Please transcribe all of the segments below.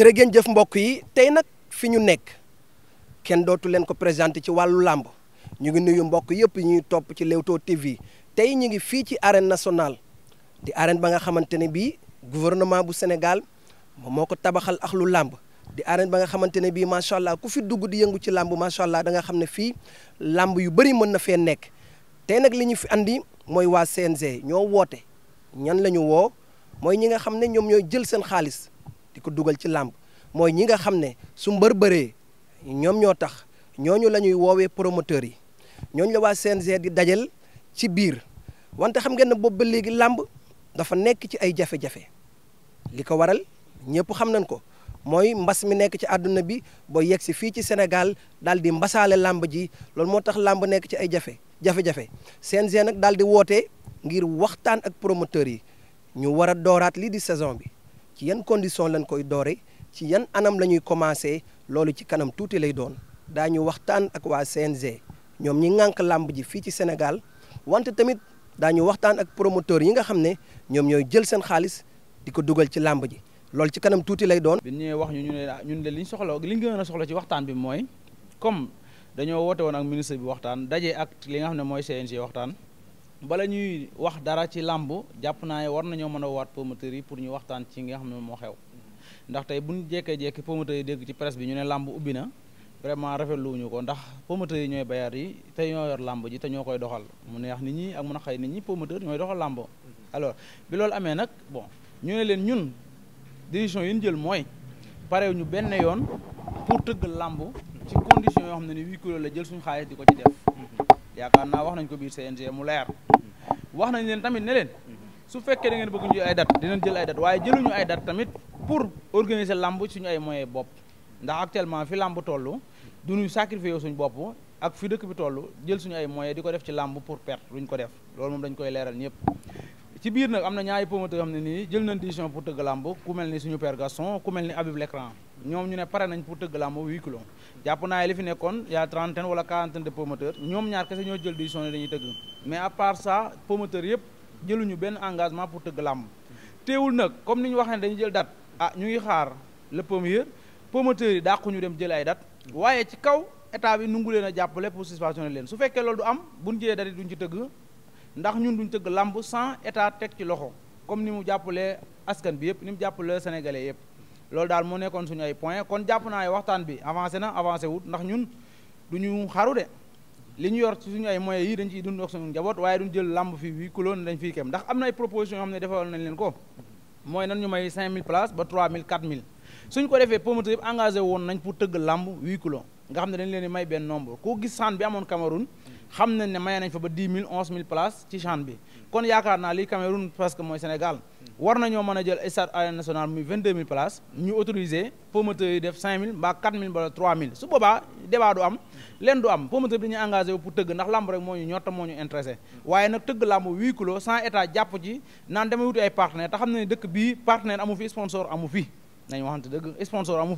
jërë ngeen jëf mbokk yi tey nag fi ñu nekk kenn dootu leen ko présenté ci wàllu làmb ñu ngi nuyu mbokk yëpp ñuy topp ci Leewtoo TV tey ñu ngi fii ci arène national di arène ba nga xamante ne bii gouvernement bu Sénégal moom moo ko tabaxal ak lu làmb di arène ba nga xamante ne bii macha allah ku fi dugg di yëngu ci làmb macha allah da nga xam ne fii làmb yu bëri mën na fee nekk tey nag li ñu fi andi mooy waa CNG ñoo woote ñan la ñu woo mooy ñi nga xam ne ñoom ñooy jël seen xaalis. di ko dugal ci làmb mooy ñi nga xam ne su mbër bëree ñoom ñoo tax ñooñu la ñuy woowee promoteurs yi ñooñu la waa CNG di dajal ci biir wante xam ngeen ne boobu ba léegi làmb dafa nekk ci ay jafe-jafe li ko waral ñëpp xam nañ ko mooy mbas mi nekk ci àdduna bi boo yegg si fii ci Sénégal daal di mbasaale làmb ji loolu moo tax làmb nekk ci ay jafe jafe-jafe CNG nag daal di woote ngir waxtaan ak promoteurs yi ñu war a dooraat lii di saison bi ci yan condition lañ koy doore ci yan anam la ñuy commencé loolu ci kanam tuuti lay doon daañu waxtaan ak waa CNG ñoom ñi ŋànk làmb ji fii ci Sénégal wante tamit daañu waxtaan ak promoteurs yi nga xam ne ñoom ñooy jël seen xaalis di ko dugal ci làmb ji loolu ci kanam tuuti lay doon. bi ñu wax ñu ñu ne ah, ñun de li ñu soxla li ñu soxla ci waxtaan bi mooy comme dañoo woote woon ak ministre bi waxtaan daje ak li nga xam ne mooy CNG waxtaan. bala ñuy wax dara ci làmb jàpp naa ne war nañoo mën a waat promoteurs yi pour ñu waxtaan ci nga xam ne moo xew ndax tey bu ñu jekkee-jekki promoteurs yi dégg ci presse bi ñu ne làmb ubbi na vraiment lu ñu ko ndax promoteurs yi ñooy bayaar yi tey ñoo yor làmb ji te ñoo koy doxal mu neex nit ñi ak mun a xëy nit ñi promoteur ñooy doxal làmb alors bi loolu amee nag bon ñu ne leen ñun décision yi ñu jël mooy parew ñu benn yoon pour tëgg làmb ci condition yoo xam ne la jël suñu xaalis di ko ci def yaakaar naa wax nañ ko biir CNG mu leer wax nañ leen tamit ne leen su fekkee da ngeen bëgg ñu ay dat dinañ jël ay date waaye jëluñu ay dat tamit pour organiser lamb suñu ay moyens bopp ndax actuellement fi tollu toll duñu sacrifier suñu bopp ak fi dëkk bi toll jël suñu ay moyens di ko def ci làmb pour perte duñ ko def loolu moom dañ koy leeral ñëpp ci biir nag am na ñaari promoteur am ne nii jël nañ décision pour tëgg làmb ku mel ni suñu père Gaston ku mel ni Habib Lecran ñoom ñu ne pare nañ pour tëgg làmb huit kilos jàpp naa li fi nekkoon y a trentaine wala quarantaine de promoteurs ñoom ñaar kese ñoo jël décision ne dañuy tëgg mais à part ça promoteurs yëpp jëluñu benn engagement pour tëgg làmb teewul nag comme ni ñu waxee ne dañuy jël date ah ñu ngi xaar le premier promoteurs yi dàqu ñu dem jël ay date waaye ci kaw état bi nungu leen a jàppale pour suspensionner leen su fekkee loolu du am buñ jëlee date duñ ci tëgg ndax ñun duñu tëgg làmb sans état teg ci loxo comme ni mu jàppalee askan bi yëpp ni mu jàppalee sénégalais yëpp loolu daal moo nekkoon suñu ay point kon jàpp naa ne waxtaan bi avancé na avancé wut ndax ñun duñu xaru de li ñu yor suñu ay moyens yi dañ ciy dund ak njaboot waaye duñ jël làmb fi wii kuloon ne dañ fii kem ndax am na ay proposition yoo xam ne defal nañ leen ko mooy nan ñu may 5000 places ba 3000 4000 suñ ko defee promoteur engagé woon nañ pour tëgg làmb wii kulo nga xam ne dañ leen may benn nombre koo gis bi amoon Cameroun xam nañ ne maye nañ fa ba dix mille onze mille places ci CHAN bi kon yaakaar naa lii Cameroun parce que mooy Sénégal war nañoo mën a jël stade arène nationale muy vingt deux mille places ñu autorisé promoteur yi def cinq mille mbaa quatre mille wala trois mille su boobaa débat du am leen du am promoteur bi dañuy engagé wu pour tëgg ndax lamb rek moo ñu ñor te moo ñu intéressé waaye nag tëgg lamb huis clos sans état jàpp ci naan damay wuti ay partenaire te xam ne dëkk bii partenaire amu fi sponsor amu fi nañ waxante dëgg sponsor amu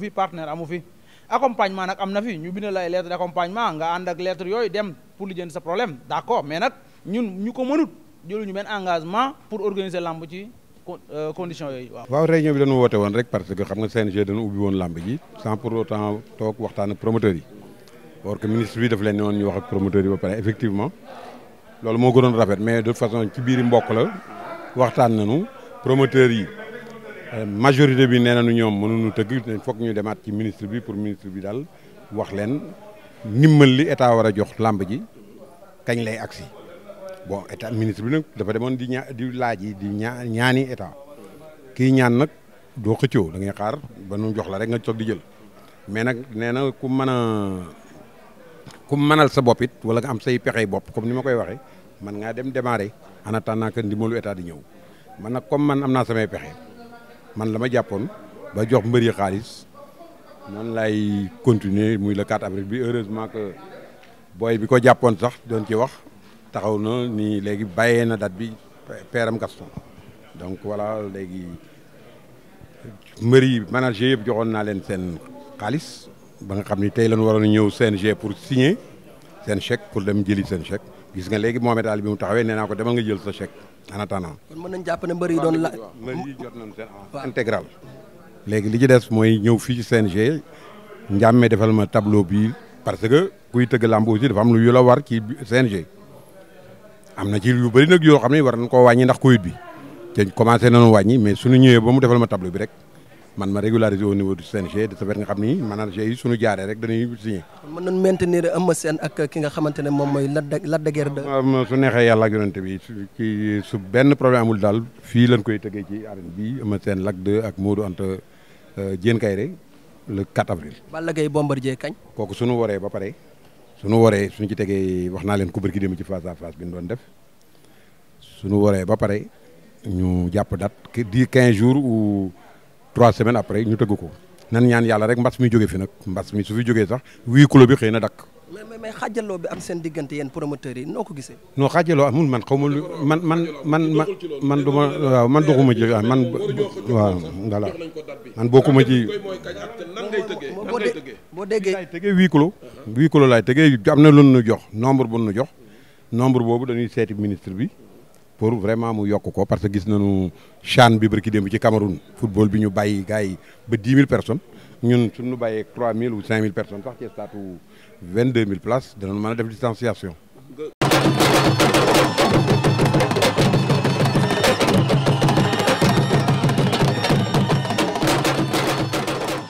amu fi accompagnement nag am na fi ñu bindal ay lettre d' accompagnement nga ànd ak lettre yooyu dem pour lijjanti sa problème d' accord mais nag ñun ñu ko mënut ñu benn engagement pour organiser lamb ci euh, condition yooyu waaw. waaw réunion bi dañu woote woon rek parce que xam nga CNG dañu ubbi woon lamb ji sans pour autant toog waxtaan ak yi or que ministre bi daf leen ne woon ñu wax ak promoteurs yi ba pare effectivement loolu moo gënoon rafet mais de façon ci biir mbokk la waxtaan nañu promoteurs yi. Euh, majorité bi nee nañu ñoom mënuñu tëgg foog ñu demaat ci ministre bi pour ministre bi daal wax leen ndimmal li état war a jox làmb ji kañ lay agsi bon état ministre bi nag dafa demoon di ña di laaj yi di ñaa ñaani état kii ñaan nag doo xëccoo ngay xaar ba nu jox la rek nga toog di jël mais nag nee na ku mën a ku mënal sa boppit it wala nga am say pexey bopp comme ni ma koy waxee man ngaa dem démarrer en naa que ndimbalu état di ñëw man na comme man am naa samay pexe. man la ma jàppoon ba jox mbër yi xaalis noonu lay continuer muy le 4 avril bi heureusement que booy bi ko jàppoon sax doon ci wax taxaw na ni léegi bàyyee na date bi peeram Gaston donc wala léegi mëri yi manager yëpp joxoon naa leen seen xaalis ba nga xam ni tey lañu waroon ñëw seen CNG pour signer. seen chèque pour dem jëli seen chèque gis nga léegi Mohamed daal bi mu taxawee nee naa ko demal nga jël sa chèque en attendant. kon mën nañ jàpp ne mbër yi doon la. mbër yi seen avance intégral. léegi li ci des mooy ñëw fii ci seen CNG njàmme defal ma tableau bi parce que kuy tëgg làmb aussi dafa am lu yu la war ci CNG. am na ci yu bëri nag yoo xam ne war nañ koo wàññi ndax Covid bi te na nu wàññi mais suñu ñëwee ba mu defal ma tableau bi rek. man ma régulariser au niveau du CNG de tavert nga xam ni manager yi suñu jaaree rek dañuy signé mën nañ maintenir Eumeu Sène ak ki nga xamante ne moom mooy Lac Lac de Guiers 2 su neexee yàlla ak yonente bi ki su benn problème amul daal fii lañ koy tëggee ci arène bi Eumeu Sène Lac 2 ak Modou Anta euh, Diène Kaïré le 4 avril Balla Gaye Bombardier kañ kooku suñu waree ba pare suñu waree suñu ci tegee wax naa leen ku bërki dem ci face à face bi ñu doon def suñu waree ba pare ñu jàpp date di 15 jours ou trois semaine après ñu tëgg ko nan ñaan yàlla rek mbas mi jóge fi nag mbas mi su fi jógee sax huis bi xëy na dakk mais mais bi am seen diggante yéen promoteurs yi noo ko gisee. non xaajaloo amul man xaw ma lu man man man man man du ma waaw man doxuma ci waaw man man bokkuma ci. boo déggee boo déggee. laay tegee huis clos. huis clos laay tegee am na lu nu jox nombre bu nu jox nombre boobu dañuy seeti ministre bi. pour vraiment mu yokk ko parce que gis nañu CHAN bi barki démb ci Cameroun football bi ñu bàyyi gars yi ba 10 000 personnes ñun suñu bàyyee 3 000 ou 5 000 personnes sax ci stade 22 000 places danañ mën a def distanciation